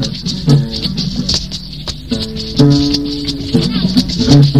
Thank you.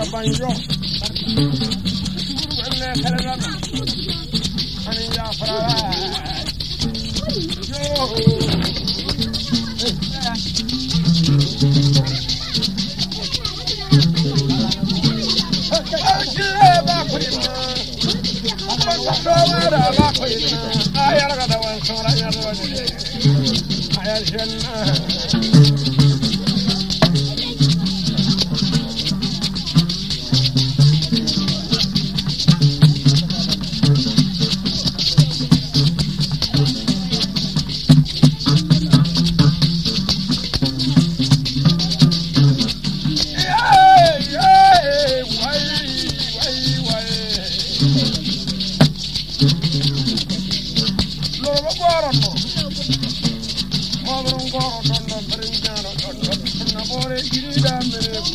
يا بانيو ولا كلام انا يا فرا يا رغد وانصر يا رغد يا جنه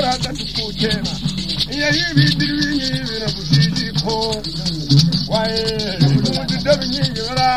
I'm iyahibidirwi nyibira gusijiko waye kumudida binyingi bara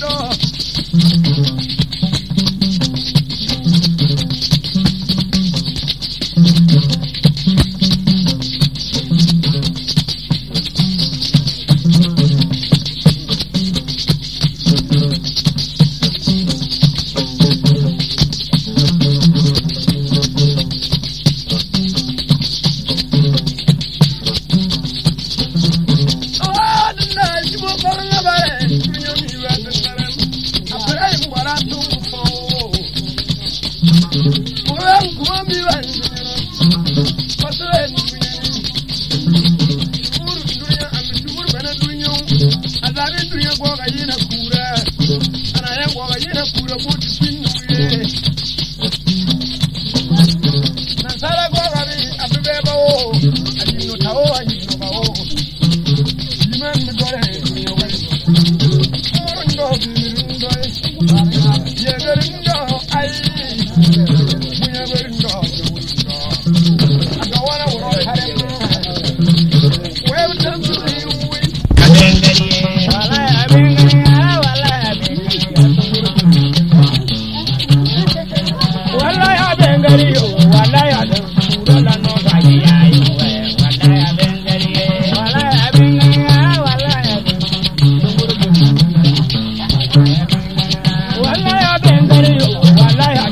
náà. I'm what you see? kẹ́ńgẹ́rẹ́ yìí wàláyà.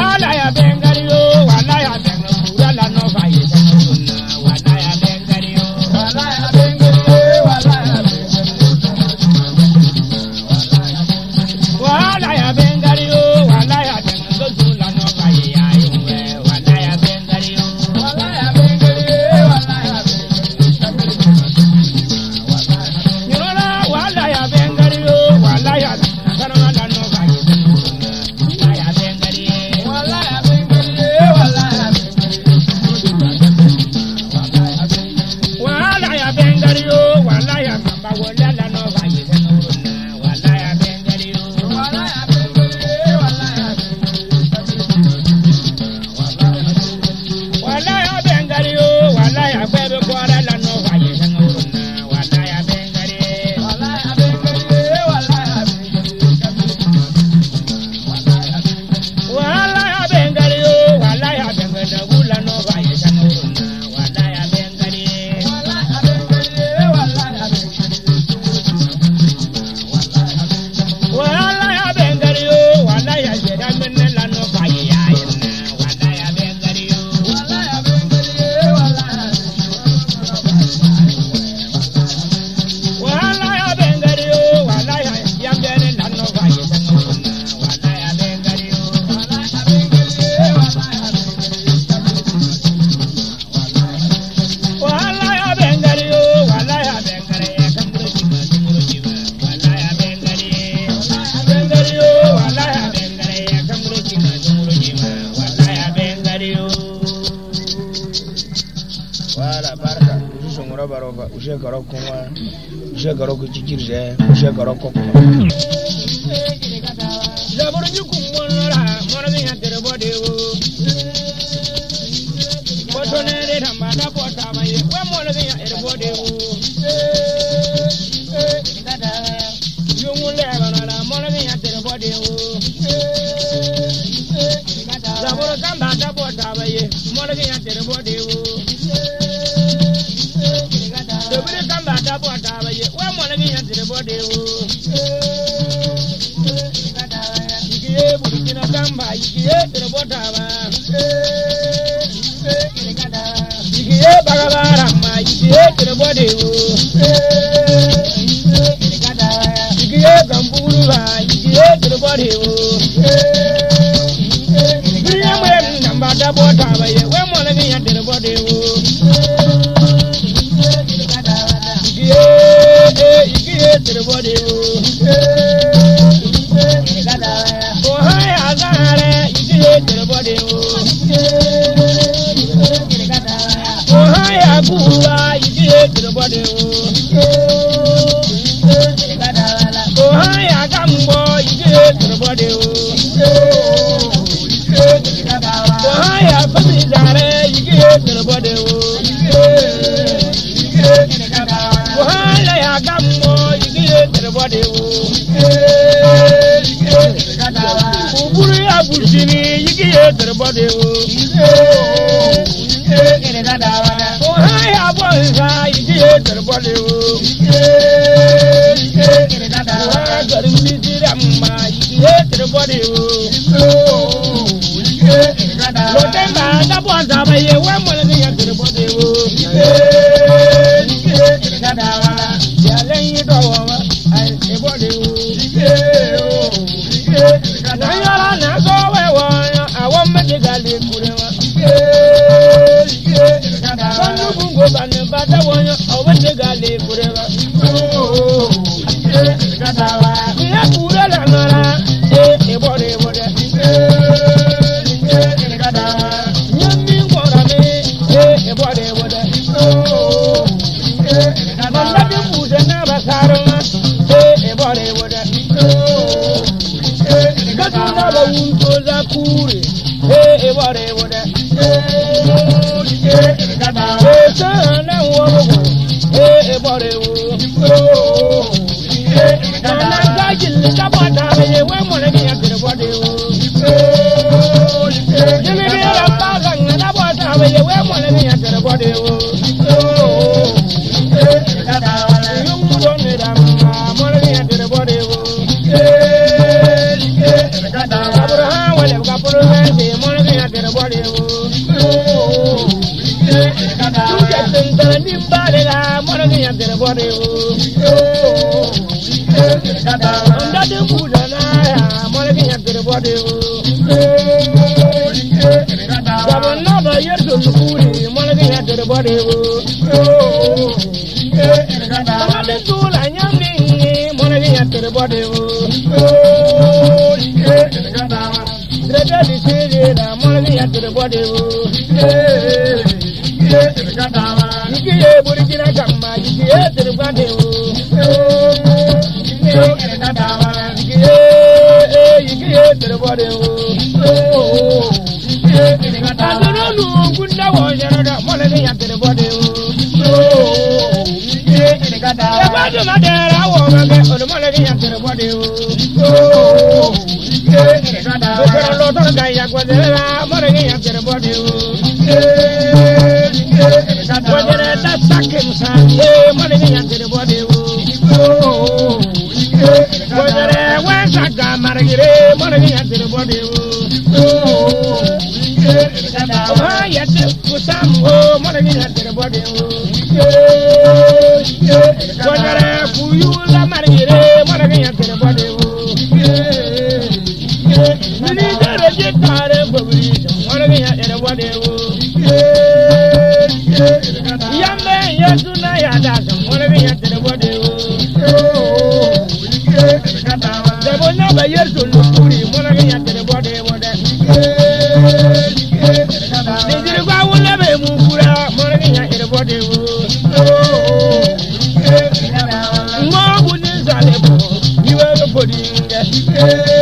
العيادة آه، garɔ kuma zɛ garɔ ko cikir zɛ zɛ garɔ ko kuma. laburu ji kun mɔnɔ la mɔnɔ min ya tere bɔ de o. bɔtɔ ne de la maa da bɔ taama ye wa mɔnɔ min ya tere bɔ de o. yungun lɛ tere bɔ de o. laburu kan tere bɔ de wuli kan b'a ta bɔ taaba ye wa mɔlɛki ɲɛ tiri bɔ de wo. yigi ye burukina kan b'a yigi ye tiri bɔ taaba. yigi ye bagabaara ma yigi ye tiri bɔ de wo. yigi ye ganbugulu ba yigi ye tiri bɔ de wo. biriya mɔlɛki namba dabɔ taaba ye wa mɔlɛki ɲɛ tiri bɔ de wo. tirbode o. Oha azare ijire tirbode o. Oha aguba ijire tirbode o. Oha agambo ijire tirbode o. Oha afasi zare ijire tirbode o. bọ́dé wo. Kùkúrú àbùsí ni yíkí yé tẹ̀rẹ̀ bọ́dé wo. Òhán yà bọ̀ nfa yíkí yé tẹ̀rẹ̀ bọ́dé wo. Òhán gàrí mi ti rà mà yíkí yé tẹ̀rẹ̀ bọ́dé wo. Lọ́tẹ̀ bá a dábọ̀ àtàwọn yẹ wẹ́n mọ̀lẹ́dẹ̀ yẹ wo. e bore wo o na na ga jil ka ba da ye we mo le ya gre bode wo jimi bi ra pa ga na da ba da ye we mo le ya gre bode wo Abraham, whatever, got put a hand in, money, I get a body. min b'ale la mɔdɔkɛ yan tɛrɛ bɔ de o. n daden b'u la n'a ya mɔdɔkɛ yan tɛrɛ bɔ de o. sabu n'a ma ye dolugu de mɔdɔkɛ yan tɛrɛ bɔ de o. samaden t'u la n y'a min ye mɔdɔkɛ yan tɛrɛ bɔ de o. tɛrɛ tɛ de se de la mɔdɔkɛ yan tɛrɛ bɔ de o. wo yẹrẹdẹ mọlẹ ní yàtẹrẹ bọdẹ o. ẹgbẹ́ tó má dẹ̀ra wọ gẹ́gẹ́ òní mọlẹ ní yàtẹrẹ bọdẹ o. òkèrè lọ́tọ́ ga ìyàgbọ́dẹ la mọlẹ ní yàtẹrẹ bọdẹ o. wọ́n yẹrẹ dá sákè musa mọlẹ ní yàtẹrẹ bọdẹ. jale bo iwe ro bodi nge.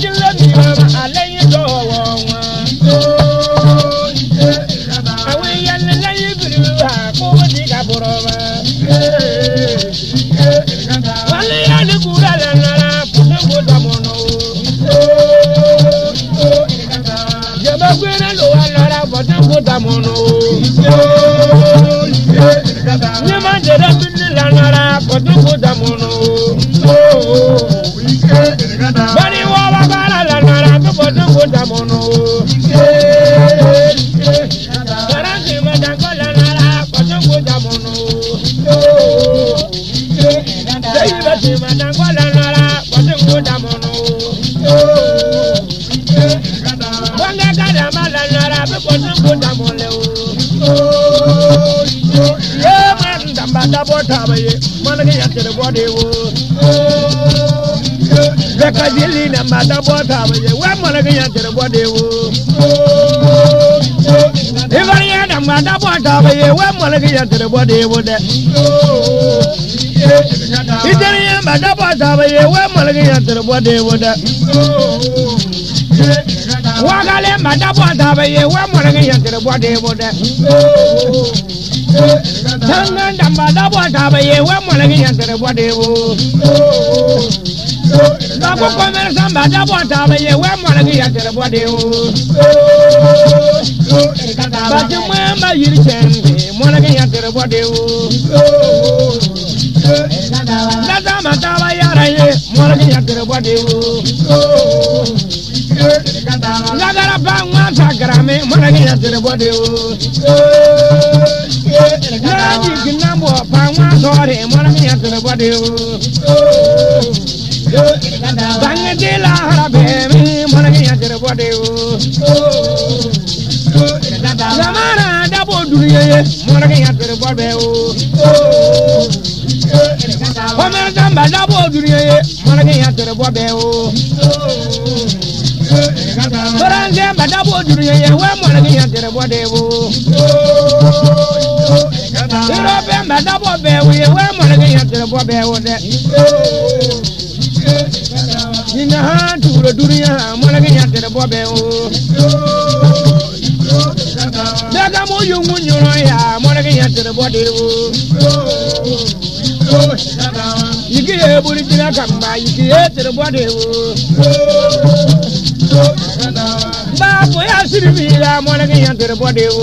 sabaye managa yatere bode wo beka jili na mata bota baye we managa yatere bode wo ibari ya na mata bota baye we managa yatere bode wo de itari ya mata bota baye we managa yatere bode wo de wakale mata bota baye we managa yatere bode wo de Samba da bota baye wa mulagi yantar bode wo. Lako komer samba da bota baye wa mulagi yantar bode wo. Bati mwemba yiri chende mulagi yantar bode wo ye lata ma taaba yaara ye mɔrɔki ya gɛrɛ bɔ de wo lagara ba ŋmaa ta garame mɔrɔki ya gɛrɛ bɔ de wo laaji ginna bɔ ba ŋmaa tɔɔre mɔrɔki ya gɛrɛ bɔ de wo. Bangati lahara bemi mangi yajar bode o. Zamana dabo dunia ye mangi yajar bode o. Omer dabo dunia ye mangi yajar bode o. Orang dabo dunia ye we mangi yajar bode o. Iro bamba dabo bewe we mangi yajar bode o de nyina ha duro duniya ha mɔlɛgi nya tere bɔ bɛ o daga mo yungu nyɔrɔ ya mɔlɛgi nya tere bɔ de o yigi ye boli jina ka ba yigi ye tere bɔ de o ba ko ya siri mi la mɔlɛgi nya tere bɔ de o.